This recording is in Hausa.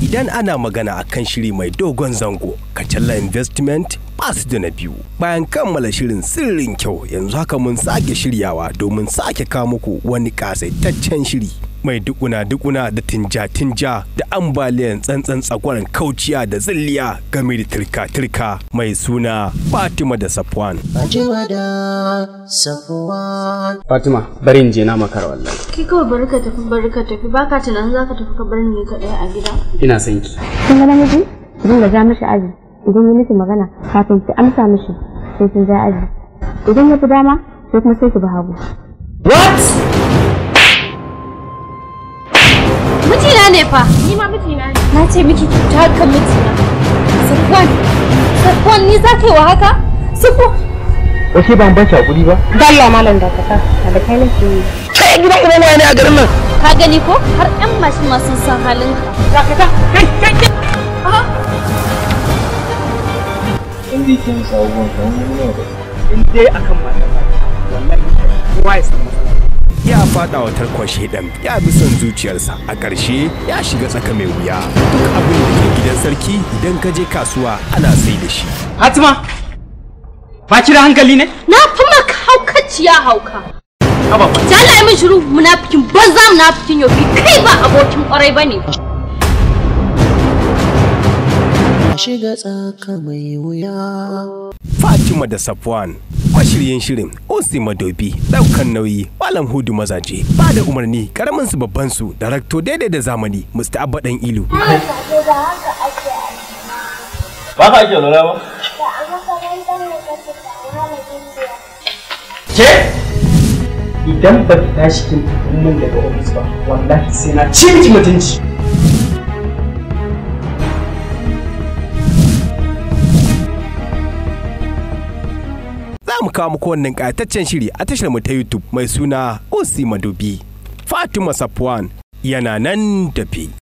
Idan ana magana a kan shiri mai dogon zango, Kacalla Investment ba da na biyu. Bayan kammala shirin sirrin kyau yanzu haka mun sake shiryawa domin sake kawo muku wani kasaitaccen shiri. mai dukuna-dukuna da tinja-tinja da ambaliyan tsantsan tsakwaran kauciya da zilliya game da turka-turka mai suna Fatima da Safwan. Fatima da Safwan. Fatima, bari in je na makar wallan. Ki kawai bari ka tafi bari ka tafi baka tunanin za ka tafi ka bar ni kaɗai a gida. Ina son ki. Kin ga namiji? Zan ga ja mishi aji. Idan ya miki magana kafin ki amsa mishi sai kin ja aji. Idan ya fi dama sai kuma sai ki bi hagu. What? ne fa? Ni ma na ne. Na ce miki ki ta kan na. Safwan, Safwan ni za ka yi wa haka? Safwan. Wace ban bace ki hakuri ba? Dalla malam da ka da kai nake. Kai gidan idan ne a garin nan. Ka gani ko har ƴan mashin ma sun san halin ka. Za ka ta. Kai kai kai. In dai kin sa wannan ne. In dai akan mata. Wallahi kowa ya san ya fada wa tarkwashe ɗan ya bi son zuciyarsa a ƙarshe ya shiga tsaka mai wuya duk abin da ke gidan sarki idan ka je kasuwa ana sai da shi hatima ba ki da hankali ne na fi maka haukaciya hauka Abba. Ta Allah yi min shiru munafikin banza munafikin yofi kai ba abokin kwarai bane. shiga tsaka mai wuya. Fatima da Safwan, mashiryin shirin, Osi Madobi, ɗaukan nauyi, Malam Hudu Mazaje, ba da umarni, karamin su babban su, darakto daidai da zamani, Mr. Abba Dan Ilu. Ba ka ake lura ba? Ke? Idan ba ki tashi kin tafi min daga ofis ba, wallahi sai na cin mutunci. za mu kawo muku wannan ƙayataccen shiri a tashar mu ta YouTube mai suna Osi Madobi. Fatima Safwan yana nan tafi.